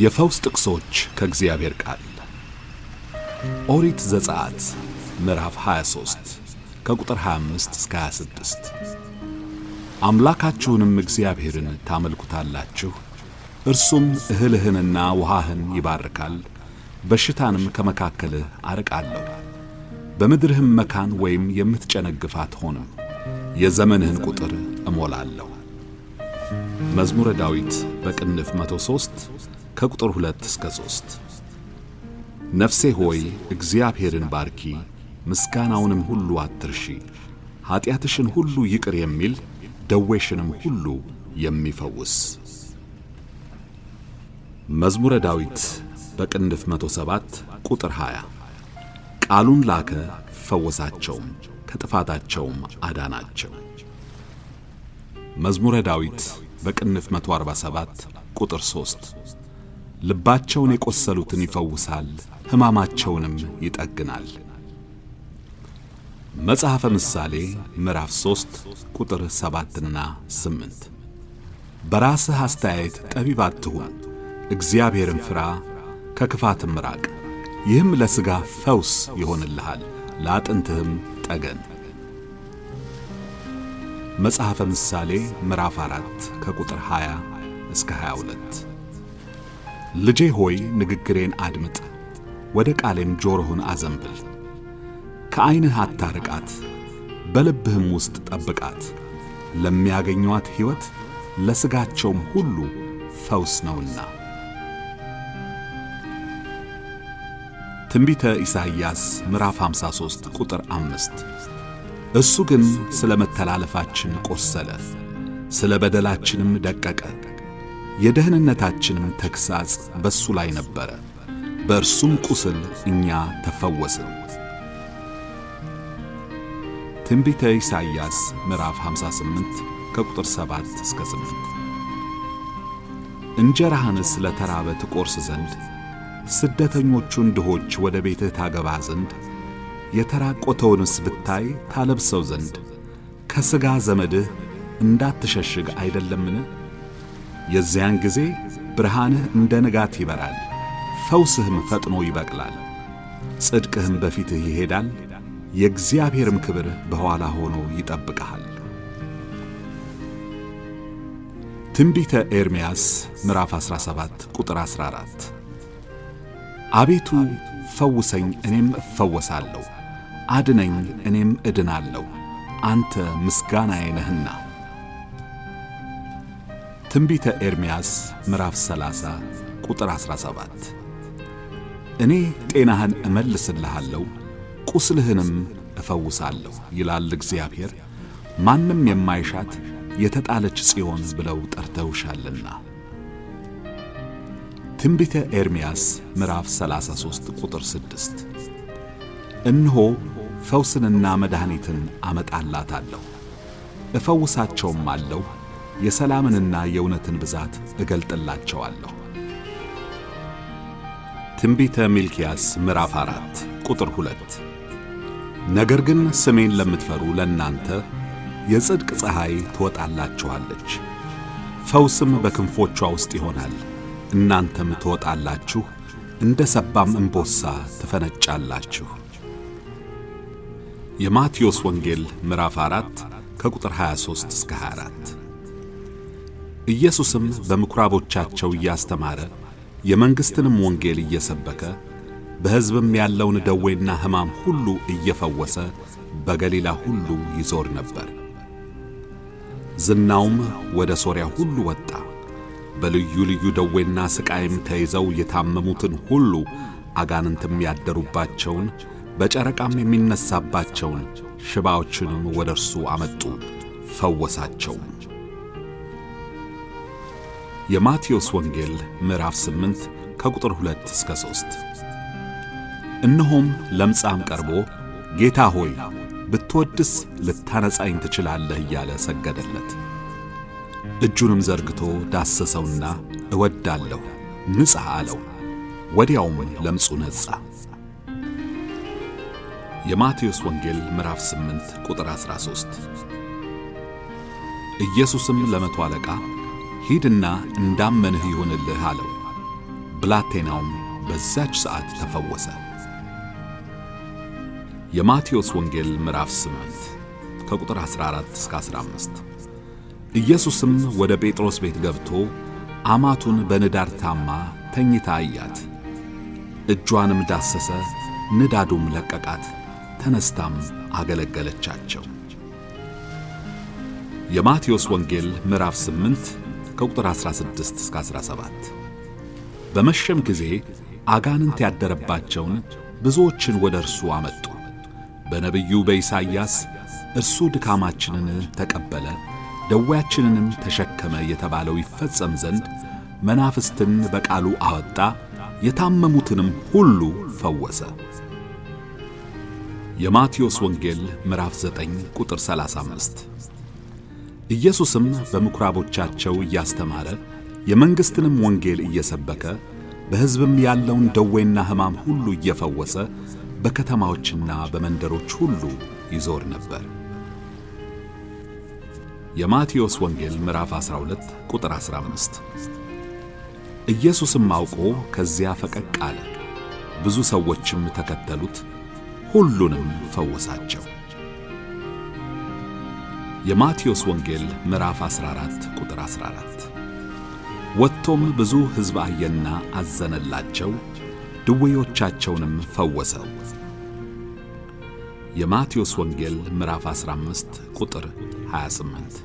የፈውስ ጥቅሶች ከእግዚአብሔር ቃል ኦሪት ዘጸአት ምዕራፍ 23 ከቁጥር 25 እስከ 26 አምላካችሁንም እግዚአብሔርን ታመልኩታላችሁ፣ እርሱም እህልህንና ውሃህን ይባርካል፣ በሽታንም ከመካከልህ አርቃለሁ፣ በምድርህም መካን ወይም የምትጨነግፍ አትሆንም፣ የዘመንህን ቁጥር እሞላለሁ። መዝሙረ ዳዊት በቅንፍ 103 ከቁጥር ሁለት እስከ ሦስት ነፍሴ ሆይ እግዚአብሔርን ባርኪ፣ ምስጋናውንም ሁሉ አትርሺ። ኀጢአትሽን ሁሉ ይቅር የሚል ደዌሽንም ሁሉ የሚፈውስ መዝሙረ ዳዊት በቅንፍ 107 ቁጥር 20 ቃሉን ላከ ፈወሳቸውም፣ ከጥፋታቸውም አዳናቸው። መዝሙረ ዳዊት በቅንፍ 147 ቁጥር 3 ልባቸውን የቆሰሉትን ይፈውሳል፣ ሕማማቸውንም ይጠግናል። መጽሐፈ ምሳሌ ምዕራፍ 3 ቁጥር 7ና 8 በራስህ አስተያየት ጠቢብ አትሁን፣ እግዚአብሔርን ፍራ፣ ከክፋትም ራቅ። ይህም ለሥጋ ፈውስ ይሆንልሃል፣ ለአጥንትህም ጠገን። መጽሐፈ ምሳሌ ምዕራፍ 4 ከቁጥር 20 እስከ 22 ልጄ ሆይ ንግግሬን አድምጥ፣ ወደ ቃሌም ጆሮህን አዘንብል። ከዐይንህ አታርቃት፣ በልብህም ውስጥ ጠብቃት። ለሚያገኟት ሕይወት ለሥጋቸውም ሁሉ ፈውስ ነውና። ትንቢተ ኢሳይያስ ምዕራፍ 53 ቁጥር አምስት እሱ ግን ስለ መተላለፋችን ቆሰለ፣ ስለ በደላችንም ደቀቀ የደህንነታችንም ተግሣጽ በእሱ ላይ ነበረ፣ በእርሱም ቁስል እኛ ተፈወስን። ትንቢተ ኢሳይያስ ምዕራፍ 58 ከቁጥር 7 እስከ 8 እንጀራህንስ ለተራበ ትቈርስ ዘንድ ስደተኞቹን ድሆች ወደ ቤትህ ታገባ ዘንድ የተራቆተውንስ ብታይ ታለብሰው ዘንድ ከሥጋ ዘመድህ እንዳትሸሽግ አይደለምን? የዚያን ጊዜ ብርሃንህ እንደ ንጋት ይበራል፣ ፈውስህም ፈጥኖ ይበቅላል፣ ጽድቅህም በፊትህ ይሄዳል፣ የእግዚአብሔርም ክብር በኋላ ሆኖ ይጠብቀሃል። ትንቢተ ኤርምያስ ምዕራፍ 17 ቁጥር 14 አቤቱ ፈውሰኝ እኔም እፈወሳለሁ፣ አድነኝ እኔም እድናለሁ፣ አንተ ምስጋናዬ ነህና። ትንቢተ ኤርምያስ ምዕራፍ 30 ቁጥር 17 እኔ ጤናህን እመልስልሃለሁ ቁስልህንም እፈውሳለሁ ይላል እግዚአብሔር። ማንም የማይሻት የተጣለች ጽዮን ብለው ጠርተውሻልና። ትንቢተ ኤርምያስ ምዕራፍ 33 ቁጥር 6 እንሆ ፈውስንና መድኃኒትን አመጣላታለሁ እፈውሳቸውም አለው የሰላምንና የእውነትን ብዛት እገልጥላቸዋለሁ። ትንቢተ ሚልኪያስ ምዕራፍ አራት ቁጥር ሁለት ነገር ግን ስሜን ለምትፈሩ ለእናንተ የጽድቅ ፀሐይ ትወጣላችኋለች፣ ፈውስም በክንፎቿ ውስጥ ይሆናል። እናንተም ትወጣላችሁ፣ እንደ ሰባም እምቦሳ ትፈነጫላችሁ። የማቴዎስ ወንጌል ምዕራፍ 4 ከቁጥር 23 እስከ 24 ኢየሱስም በምኵራቦቻቸው እያስተማረ የመንግሥትንም ወንጌል እየሰበከ በሕዝብም ያለውን ደዌና ሕማም ሁሉ እየፈወሰ በገሊላ ሁሉ ይዞር ነበር። ዝናውም ወደ ሶርያ ሁሉ ወጣ። በልዩ ልዩ ደዌና ሥቃይም ተይዘው የታመሙትን ሁሉ አጋንንትም ያደሩባቸውን በጨረቃም የሚነሳባቸውን ሽባዎችንም ወደ እርሱ አመጡ፣ ፈወሳቸው። የማቴዎስ ወንጌል ምዕራፍ 8 ከቁጥር 2 እስከ 3። እነሆም ለምጻም ቀርቦ ጌታ ሆይ ብትወድስ ልታነጻኝ ትችላለህ እያለ ሰገደለት። እጁንም ዘርግቶ ዳሰሰውና እወዳለሁ ንጻ አለው። ወዲያውም ለምጹ ነጻ። የማቴዎስ ወንጌል ምዕራፍ 8 ቁጥር 13። ኢየሱስም ለመቶ አለቃ ሂድና እንዳመንህ ይሁንልህ አለው። ብላቴናውም በዛች ሰዓት ተፈወሰ። የማቴዎስ ወንጌል ምዕራፍ 8 ከቁጥር 14 እስከ 15። ኢየሱስም ወደ ጴጥሮስ ቤት ገብቶ አማቱን በንዳድ ታማ ተኝታ አያት። እጇንም ዳሰሰ፣ ንዳዱም ለቀቃት፣ ተነስታም አገለገለቻቸው። የማቴዎስ ወንጌል ምዕራፍ 8 ከቁጥር 16 እስከ 17 በመሸም ጊዜ አጋንንት ያደረባቸውን ብዙዎችን ወደ እርሱ አመጡ። በነቢዩ በኢሳይያስ እርሱ ድካማችንን ተቀበለ ደዌያችንንም ተሸከመ የተባለው ይፈጸም ዘንድ መናፍስትን በቃሉ አወጣ፣ የታመሙትንም ሁሉ ፈወሰ። የማቴዎስ ወንጌል ምዕራፍ 9 ቁጥር 35 ኢየሱስም በምኵራቦቻቸው እያስተማረ የመንግሥትንም ወንጌል እየሰበከ በሕዝብም ያለውን ደዌና ሕማም ሁሉ እየፈወሰ በከተማዎችና በመንደሮች ሁሉ ይዞር ነበር። የማቴዎስ ወንጌል ምዕራፍ 12 ቁጥር 15። ኢየሱስም አውቆ ከዚያ ፈቀቅ አለ፣ ብዙ ሰዎችም ተከተሉት፣ ሁሉንም ፈወሳቸው። የማቴዎስ ወንጌል ምዕራፍ 14 ቁጥር 14 ወጥቶም ብዙ ሕዝብ አየና አዘነላቸው፣ ድዌዮቻቸውንም ፈወሰው። የማቴዎስ ወንጌል ምዕራፍ 15 ቁጥር 28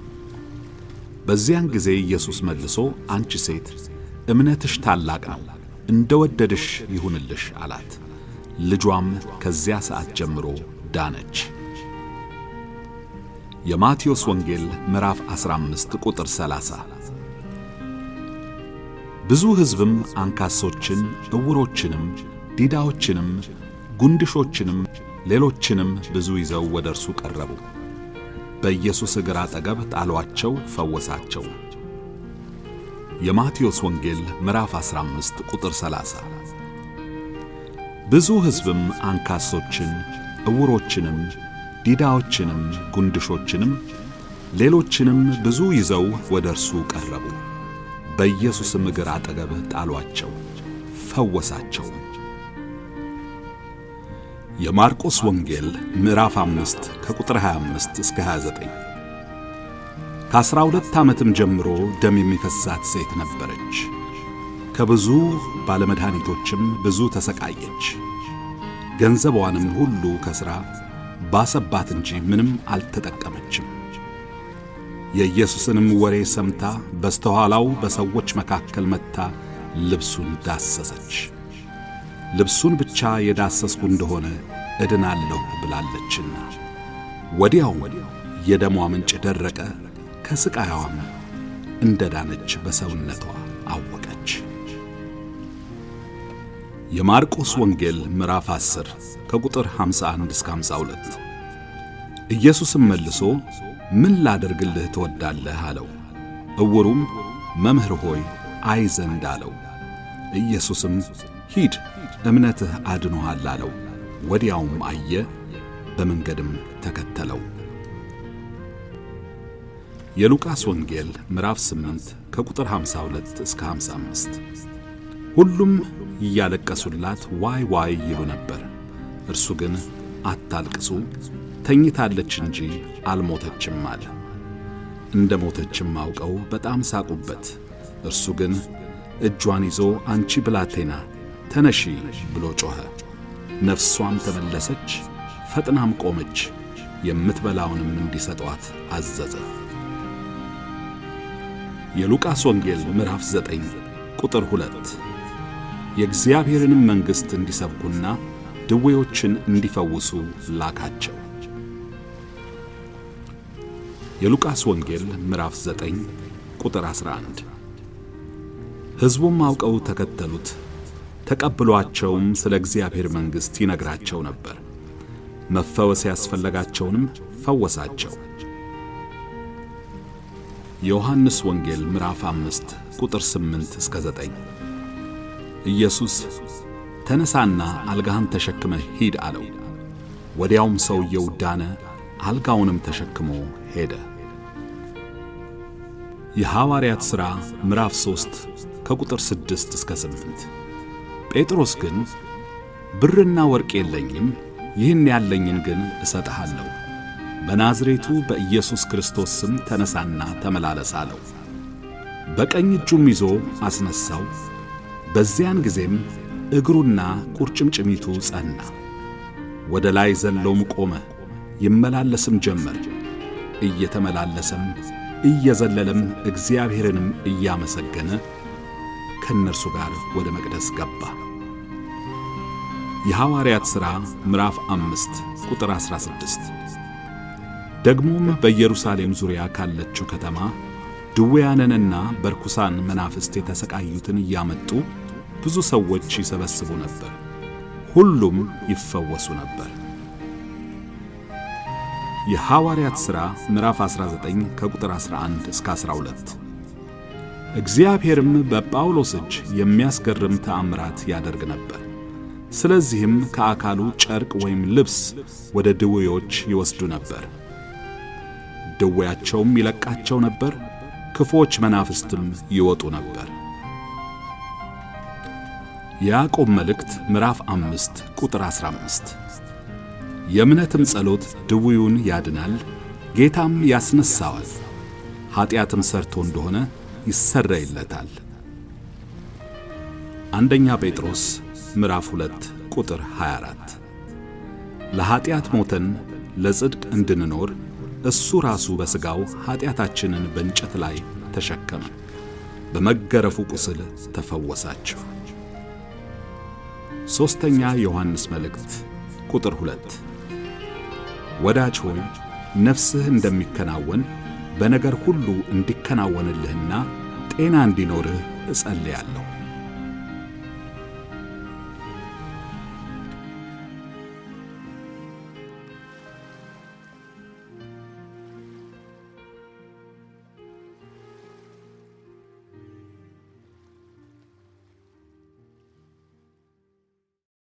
በዚያን ጊዜ ኢየሱስ መልሶ አንቺ ሴት እምነትሽ ታላቅ ነው፣ እንደ ወደድሽ ይሁንልሽ አላት። ልጇም ከዚያ ሰዓት ጀምሮ ዳነች። የማቴዎስ ወንጌል ምዕራፍ 15 ቁጥር 30። ብዙ ሕዝብም አንካሶችን፣ ዕውሮችንም፣ ዲዳዎችንም፣ ጉንድሾችንም ሌሎችንም ብዙ ይዘው ወደ እርሱ ቀረቡ። በኢየሱስ እግር አጠገብ ጣሏቸው፣ ፈወሳቸው። የማቴዎስ ወንጌል ምዕራፍ 15 ቁጥር 30። ብዙ ሕዝብም አንካሶችን ዕውሮችንም ዲዳዎችንም ጉንድሾችንም ሌሎችንም ብዙ ይዘው ወደ እርሱ ቀረቡ። በኢየሱስም እግር አጠገብ ጣሏቸው፣ ፈወሳቸው። የማርቆስ ወንጌል ምዕራፍ 5 ከቁጥር 25 እስከ 29። ከአሥራ ሁለት ዓመትም ጀምሮ ደም የሚፈሳት ሴት ነበረች። ከብዙ ባለመድኃኒቶችም ብዙ ተሰቃየች። ገንዘቧንም ሁሉ ከሥራ ባሰባት እንጂ ምንም አልተጠቀመችም። የኢየሱስንም ወሬ ሰምታ በስተኋላው በሰዎች መካከል መጥታ ልብሱን ዳሰሰች። ልብሱን ብቻ የዳሰስኩ እንደሆነ እድናለሁ ብላለችና፣ ወዲያው የደሟ ምንጭ ደረቀ፣ ከሥቃይዋም እንደ ዳነች በሰውነቷ የማርቆስ ወንጌል ምዕራፍ 10 ከቁጥር 51 እስከ 52። ኢየሱስም መልሶ ምን ላደርግልህ ትወዳለህ አለው። እውሩም መምህር ሆይ አይ ዘንድ አለው። ኢየሱስም ሂድ እምነትህ አድኖሃል አለው። ወዲያውም አየ፣ በመንገድም ተከተለው። የሉቃስ ወንጌል ምዕራፍ 8 ከቁጥር 52 እስከ 55 ሁሉም እያለቀሱላት ዋይ ዋይ ይሉ ነበር። እርሱ ግን አታልቅሱ፣ ተኝታለች እንጂ አልሞተችም አለ። እንደ ሞተችም አውቀው በጣም ሳቁበት። እርሱ ግን እጇን ይዞ አንቺ ብላቴና ተነሺ ብሎ ጮኸ። ነፍሷም ተመለሰች፣ ፈጥናም ቆመች። የምትበላውንም እንዲሰጧት አዘዘ። የሉቃስ ወንጌል ምዕራፍ 9 ቁጥር 2 የእግዚአብሔርንም መንግሥት እንዲሰብኩና ድዌዎችን እንዲፈውሱ ላካቸው። የሉቃስ ወንጌል ምዕራፍ 9 ቁጥር 11። ሕዝቡም አውቀው ተከተሉት፣ ተቀብሏቸውም ስለ እግዚአብሔር መንግሥት ይነግራቸው ነበር። መፈወስ ያስፈለጋቸውንም ፈወሳቸው። ዮሐንስ ወንጌል ምዕራፍ 5 ቁጥር 8 እስከ 9 ኢየሱስ ተነሳና አልጋህን ተሸክመ ሂድ አለው። ወዲያውም ሰውየው ዳነ፣ አልጋውንም ተሸክሞ ሄደ። የሐዋርያት ሥራ ምዕራፍ 3 ከቁጥር 6 እስከ 8። ጴጥሮስ ግን ብርና ወርቅ የለኝም፣ ይህን ያለኝን ግን እሰጥሃለሁ በናዝሬቱ በኢየሱስ ክርስቶስ ስም ተነሳና ተመላለስ አለው። በቀኝ እጁም ይዞ አስነሣው። በዚያን ጊዜም እግሩና ቁርጭምጭሚቱ ጸና። ወደ ላይ ዘሎም ቆመ፣ ይመላለስም ጀመር። እየተመላለሰም እየዘለለም እግዚአብሔርንም እያመሰገነ ከእነርሱ ጋር ወደ መቅደስ ገባ። የሐዋርያት ሥራ ምዕራፍ አምስት ቁጥር 16 ደግሞም በኢየሩሳሌም ዙሪያ ካለችው ከተማ ድውያንንና በርኩሳን መናፍስት የተሰቃዩትን እያመጡ ብዙ ሰዎች ይሰበስቡ ነበር። ሁሉም ይፈወሱ ነበር። የሐዋርያት ሥራ ምዕራፍ 19 ከቁጥር 11 እስከ 12። እግዚአብሔርም በጳውሎስ እጅ የሚያስገርም ተአምራት ያደርግ ነበር። ስለዚህም ከአካሉ ጨርቅ ወይም ልብስ ወደ ድዌዎች ይወስዱ ነበር። ድዌያቸውም ይለቃቸው ነበር፣ ክፉዎች መናፍስትም ይወጡ ነበር። የያዕቆብ መልእክት ምዕራፍ 5 ቁጥር 15 የእምነትም ጸሎት ድውዩን ያድናል፣ ጌታም ያስነሣዋል፣ ኀጢአትም ሠርቶ እንደሆነ ይሰረይለታል። አንደኛ ጴጥሮስ ምዕራፍ 2 ቁጥር 24 ለኀጢአት ሞተን ለጽድቅ እንድንኖር እሱ ራሱ በሥጋው ኀጢአታችንን በእንጨት ላይ ተሸከመ፣ በመገረፉ ቁስል ተፈወሳችሁ። ሦስተኛ ዮሐንስ መልእክት ቁጥር ሁለት ወዳጅ ሆይ ነፍስህ እንደሚከናወን በነገር ሁሉ እንዲከናወንልህና ጤና እንዲኖርህ እጸልያለሁ።